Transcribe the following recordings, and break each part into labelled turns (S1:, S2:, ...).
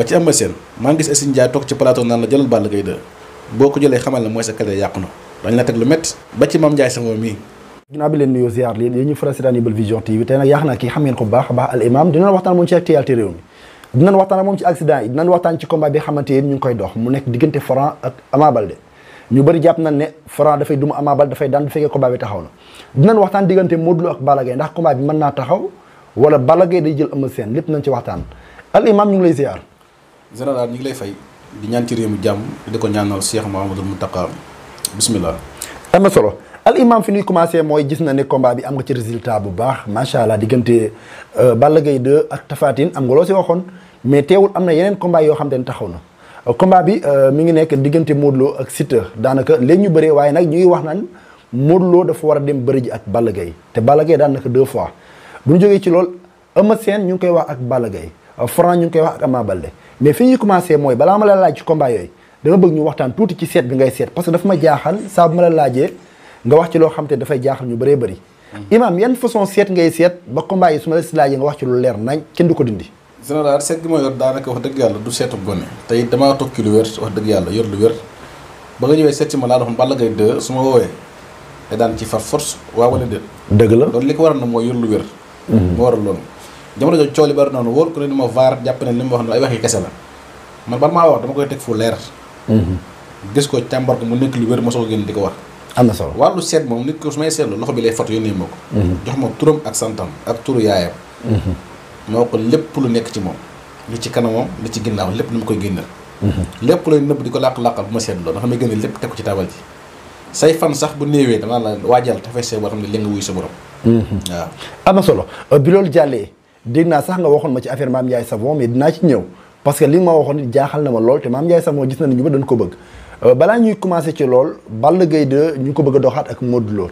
S1: ba ci Eumeu Sène maa ngi gis Aziz Ndiaye toog ci plateau naan la jëlal Balla Gaye 2 boo ko jëlee xamal ne mooy sa kale yàqu na dañ teg lu métti ba ci Mame Ndiaye sama mii
S2: ginnaaw bi leen nuyoo ziar lii ñu faral si daan Yëmbël Vision yi ñu ngi koy dox mu nekk diggante Franc ak Ama Baldé ñu bëri jàpp nañ ne Franc dafay duma Ama dafay daan bu fekkee combat bi taxaw na dinañ waxtaan diggante Modou Lo ak Balla ndax combat bi mën naa taxaw wala Balla Gaye day jël waxtaan al imam ñu ngi
S1: général ñu ngi lay fay di ñaan ci réew mi jàmm di ko ñaanal Cheikh Mouhamadou Mountakha bismillah am na solo al imam fi ñuy commencé mooy gis
S2: na ne combat bi am nga ci résultat bu baax macha allah diggante euh, Balla gay 2 ak tafaatin Tine am nga loo si waxoon mais teewul am na yeneen combat yoo xam te ne taxaw na euh, combat bi euh, mi ngi nekk diggante Modou Lo ak Siteu daanaka léegi ñu bëree waaye nag ñuy ngi wax naan Modou Lo dafa war a dem bëri ji ak Balla Gaye te Balla gay daanaka deux fois bu ñu jógee ci lool Eumeu Sène ñu ngi koy wax ak Balla Euh, Franc ñu ngi koy wax ak Ama mais fi ñuy commencé mooy balaa ma la laaj ci combat yooyu dama bëgg ñu tuuti ci seet bi ngay seet parce que dafa ma jaaxal saa bu ma la laajee nga wax ci loo xam te dafay jaaxal ñu bëree bëri. Mm-hmm. Imaam yan façon seet ngay seet ba combat yi su ma la si laajee nga wax ci lu leer nañ kenn du ko dindi.
S1: général seet gi ma yor daanaka wax dëgg yàlla du seetu gone tey damaa toog ci lu yàlla yor lu wér ba nga ñëwee seet si ma laa doon Balla Gaye 2 su ma woowee te daan ci far force waa wala déet. dëgg la loolu li ko waral na mooy yor lu wér.
S2: Mm-hmm. moo
S1: waral loolu jamono jooju coow li bari noonu wóor ko ne ni ma vaar jàpp ne li ma wax noonu ay waxi kese la man bal maa wax dama koy teg fu leer mhm. gis ko càmbar ko mu nekk lu wér ma soog a génn ko wax am solo wàllu seet moom nit ko su may seetlu loxo ko mhm. jox ma turam ak santam ak turu yaayam moo mhm. ko lépp lu nekk ci moom li ci kanamam li ci ginnaaw lépp ni mu koy génnal lépp lay nëbb di ko làq-làqal bu ma seetloo nga xam ne génne lépp teg ci taabal ji say fan bu néewee danaa la waajal tafay see boo xam ne li nga wuyu sa borom waaw
S2: am na solo bi loolu jàllee dégg naa sax nga waxoon ma ci affaire Mame Ndiaye Savon mais dinaa ci ñëw parce que li ma waxoon it jaaxal na ma lool te Mame Ndiaye Savon gis na ni ko bëgg euh, balaa ñuy commencé ci lool Balla Gaye 2 ñu ngi ko bëgg a doxaat ak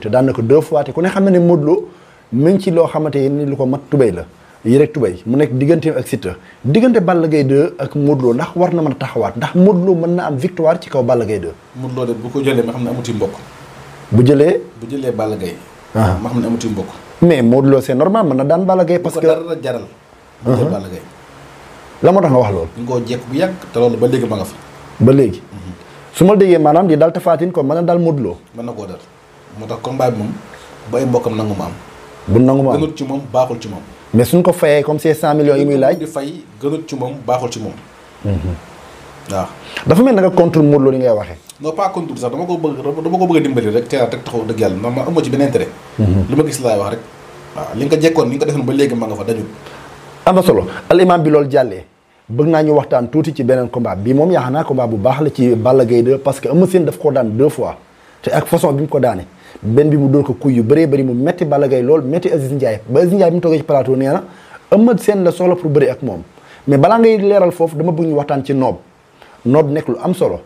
S2: te daan na ko deux fois te ku ne xam na ne Modou Lo mi loo xamante ni lu ko mat tubéy la yi rek tubéy mu nekk digganteem ak Siteu diggante Balla Gaye 2 ak Modou ndax war na mën a taxawaat ndax Modou mën na am victoire ci kaw Balla gay 2
S1: Modou Lo de bu ko jëlee ma xam ne amuti mbokk bu jëlee bu jëlee Balla Gaye ah. ma xam ne amuti mbokk
S2: mais Modou Lo c'est normal mën na daan Balla Gaye parce que dara
S1: jaral. bu uh-huh. jël Balla
S2: la moo tax nga wax loolu.
S1: ñu ngi koo jekk bu yàgg te loolu ba léegi ma nga fa. ba léegi. Mm-hmm. su ma déggee maanaam di daal Tapha Tine kon mën na daal Modou Lo. mën na koo dal moo tax combat bi moom ba ay mbokkam nangu ma am. bu nangu ma am gënut ci moom baaxul ci moom.
S2: mais suñ ko fayee comme ces cent
S1: millions yi muy laaj. di fay gënut ci moom baaxul ci moom.
S2: Mm-hmm. waaw. dafa mel na nga contre Modou Lo li ngay waxee.
S1: non pas contre sax dama ko bëgg dama ko bëgg a dimbali rek teeraat rek taxaw dëgg yàlla ma ma amoo ci benn intérêt mhm. lu ma gis laay wax rek waaw li nga ko jekkoon ni nga ko defoon ba léegi ma nga fa dañu am solo al bi loolu jàllee bëgg naa
S2: ñu waxtaan tuuti ci beneen combat bi moom yaakaar naa combat bu baax la ci Balla Gaye 2 parce que Eumeu Sène daf ko daan deux fois te ak façon bi mu ko daane benn bi mu dóor ko kuy yu bëree bëri mu metti Balla Gaye lool metti Aziz Ndiaye ba Aziz Ndiaye bi mu toogee na Eumeu pour bëri ak moom mais balaa ngay leeral foofu dama bëgg ñu waxtaan ci noob noob nekk lu am solo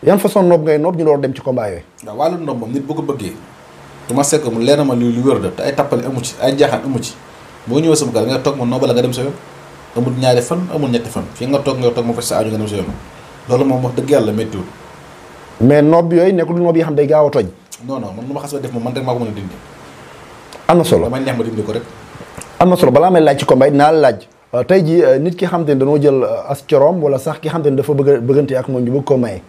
S2: yan façon noob ngay noob ñu door dem ci
S1: combat yooyu. waaw wàllu noob moom nit bu ko bëggee du ma sekk mu leer ma lu lu wér da te ay tappale amu ci ay jaaxaan amu ci boo ñëwee sama kër toog ma noobala nga dem sa yoon fii nga toog nga toog ma faj loolu moom wax dëgg yàlla méttiwul. mais noob yooyu nekkul noob yi xam day gaaw a toj. non man lu ma xas ba def moom man rek maa ko mën a dindi. am na solo damay neex ma
S2: dindi ko rek. am na solo balaa may laaj ci combat yi dinaa laaj euh, tey ji euh, nit ki xam te ne dañoo jël euh, as corom wala sax ki xam te ne dafa bëgg bëggante ak moom ñu bëgg ko may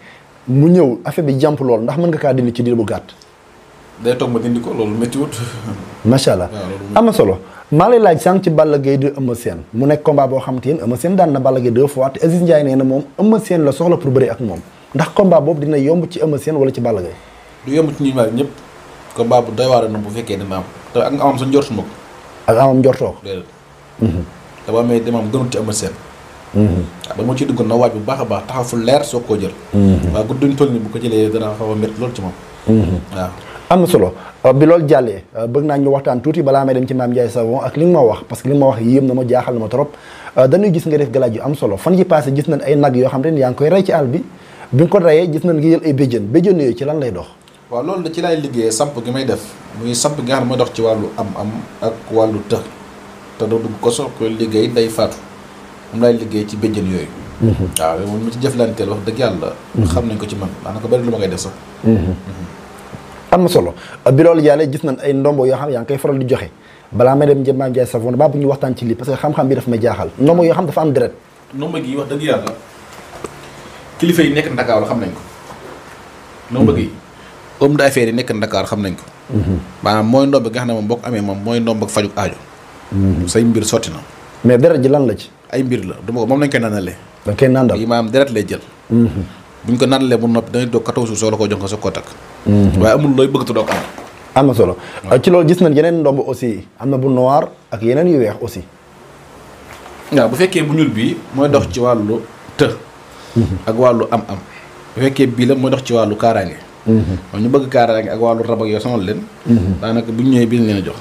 S2: mu ñëw affaire bi jàmp lool ndax mën nga kaa dindi ci diir bu gàtt.
S1: day toog ma dindi ko loolu méttiwut. macha allah
S2: am na solo. maa lay laaj sànq ci Balla Gaye 2 Eumeu Sène mu nekk combat boo xam te ne Eumeu seen daan na Balla Gaye deux fois te Aziz Ndiaye nee moom Eumeu seen la soxla pour bëri ak moom ndax combat boobu dina yomb ci Eumeu seen wala ci Balla
S1: Gaye. du yomb ci ñun ñaar ñëpp combat bu day waar na bu fekkee dem am te ak nga amam sa njortu ko. ak amam njortoo ko. déedéet. Mhm. dafa am gënut ci Eumeu waaw mm-hmm. ba moo ciy duggoon na waaj bu baax a baax taxaw fu leer soo koo jël. Mm-hmm. waaw gudduñ toll ni bu ko jëlee dana xaw a métti loolu ci moom. Mm-hmm. waaw am na solo euh, bi loolu jàllee euh, bëgg naa ñu waxtaan tuuti balaa may dem ci
S2: maam Ndiaye Savon ak li ma wax parce que li nga ma wax yéem na ma jaaxal na ma trop euh, dañuy gis nga def galaaj yu am solo fan yi passé gis nañ ay nag yoo xam ne yaa ngi koy rey ci àll bi bi nga ko reyee gis nañ nga jël ay béjjën béjjën yooyu ci lan
S1: lay dox. waaw loolu da ci laay liggéeyee samp gi may def muy gi nga xam ne mooy dox ci am am wàllu të te doo dugg ko sox liggéey day faatu moom laay liggéey ci béjjën yooyu. Mhm. waaw yow moom mi ci jëflanteel wax dëgg yàlla. Mhm. xam nañ ko ci man daanaka bari lu ma koy def sax. Mhm.
S2: am na solo bi loolu yàlla gis nañ ay ndombo yoo xam yaa koy faral di joxe balaa may dem Maam Ndiaye Savon ba bu ñu waxtaan ci lii parce que xam-xam bi daf jaaxal ndombo yoo xam dafa am deret.
S1: ndombo gi wax dëgg yàlla kilifa yi nekk Ndakaaru xam nañ ko. ndombo gi homme d'affaires yi nekk Ndakaar xam nañ ko. maanaam mooy ndomb gi nga xam ne moom boo moom mooy ndomb ak faju aajo. say mbir sotti na. mais deret ji lan la ci. ay mbir la du ko moom lañ koy naanalee. da nga koy naandal yi maanaam deret lay jël. Mhm. buñ ko naanalee ba noppi dangay doog 14 jours soo la ko jox nga soog ko takk. Mhm. waaye amul looy bëgg te doo am. am na solo ci loolu gis nañ yeneen ndomb aussi am na
S2: bu noir ak yeneen yu weex aussi.
S1: waaw bu fekkee bu ñuul bii mooy dox ci wàllu të. Mhm. ak wàllu am-am. bu fekkee bii la mooy dox ci wàllu kaaraange. ñu bëgg kaaraange ak wàllu rab ak yoo sonal leen. daanaka bu ñu ñëwee bii leen a jox.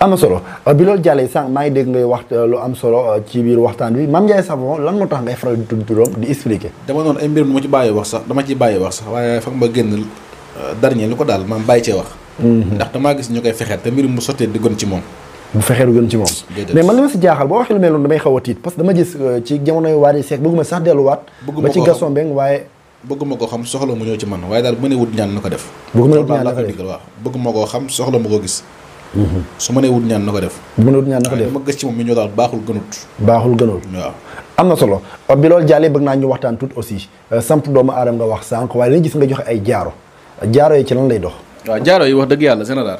S2: am na solo bi loolu jàllee sànq maa ngi dégg ngay wax euh, lu am solo euh, ci biir waxtaan bi Mame Ndiaye Savon lan moo tax ngay faral di tudd turam
S1: di expliquer. dama noonu ay mbir mu ma ci bàyyi wax sax dama ci bàyyi wax sax waaye foog ma génn euh, dernier lu ko daal maam bàyyi cee wax. Mhm. ndax damaa gis ñu koy fexeel te mbir mu sottee di gën ci moom. bu fexeeru gën ci moom mais man
S2: li ma si jaaxal boo waxee lu mel noonu damay xaw a tiit parce que dama gis ci jamonoy waari seek bëgguma sax delluwaat ba ci Gaston
S1: Mbengue soxla mu ñëw ci man waaye daal bu ne wut ñaan na ko def bëgguma wut ñaan na ko def waaw bëgguma soxla mu ko gis su ma nee wut ñaan na ko def. bu ma nee wut ñaan na ko def ma gis ci moom mi ñoo daal baaxul gënut. baaxul gënul waaw.
S2: am na solo euh, bi loolu jàllee bëgg naa ñu waxtaan tuuti aussi euh, samp doomu aadama nga wax sànq waaye gis nga joxe ay jaaro euh, jaaro yi ci lan lay dox.
S1: waaw jaaro yi wax dëgg yàlla général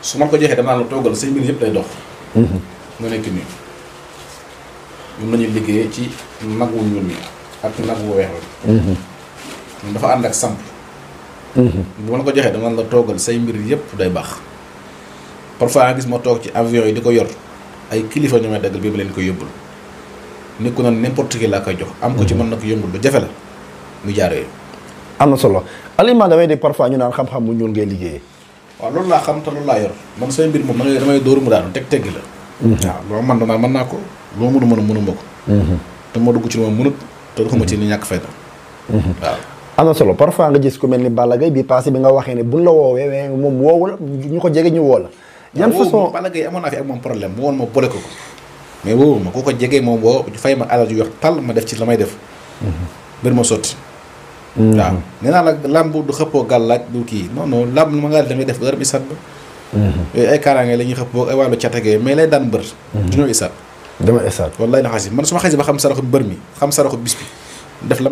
S1: su ma ko joxee danaa la toogal say mbir yëpp lay dox. nga mhm. nekk nii ñun lañuy liggéeyee ci nag wu ñuul mi nag wu weex la. Mhm. dafa bu mhm. ma la ko joxee danaa la toogal say mbir yëpp day baax. parfois nga gis ma toog ci avion yi di ko yor ay kilifa ñoo may daggal bii ma leen koy yóbbul nit ku ne n'importe laa koy jox. am ko ci man mhm. na ko yóbbul lu jafe la mu jaaree. am na solo aliment damay dégg parfois ñu naan xam-xam bu ñuul ngay liggéeyee. waaw loolu laa xam te loolu laa yor man say mbir moom mu daanu teg teggi la. Mhm. waaw loo man naa ko loo mënu mënu mënu ma ko. Mhm. te moo ci lu ma mënut te xuma ci ni ñàkk fayda waaw. am na
S2: solo parfois nga gis ku mel ni Balla Gaye bi passé bi nga waxee ne buñ la woowee moom woowul ñu ko jege ñu woo la
S1: yan façon Balla Gaye amoon naa fi ak moom problème mu woon ma boole ko ko mais wóowu ma ku ko jegee moom woo fay ma alal ju yox tal ma def ci la may def mhm. mbir ma sotti mhm. waaw nee naa la làmb du xëppoo gàllaaj du kii non non làmb ma nga damay def heure bi sat ba mhm. yooyu ay kaaraange la ñuy xëppoo ay wàllu catagee mais lay daan mbër du ñëw isaat dama isaat wallaay na xas man su ma xasee ba xam saraxu mbër mi xam saraxu bis def la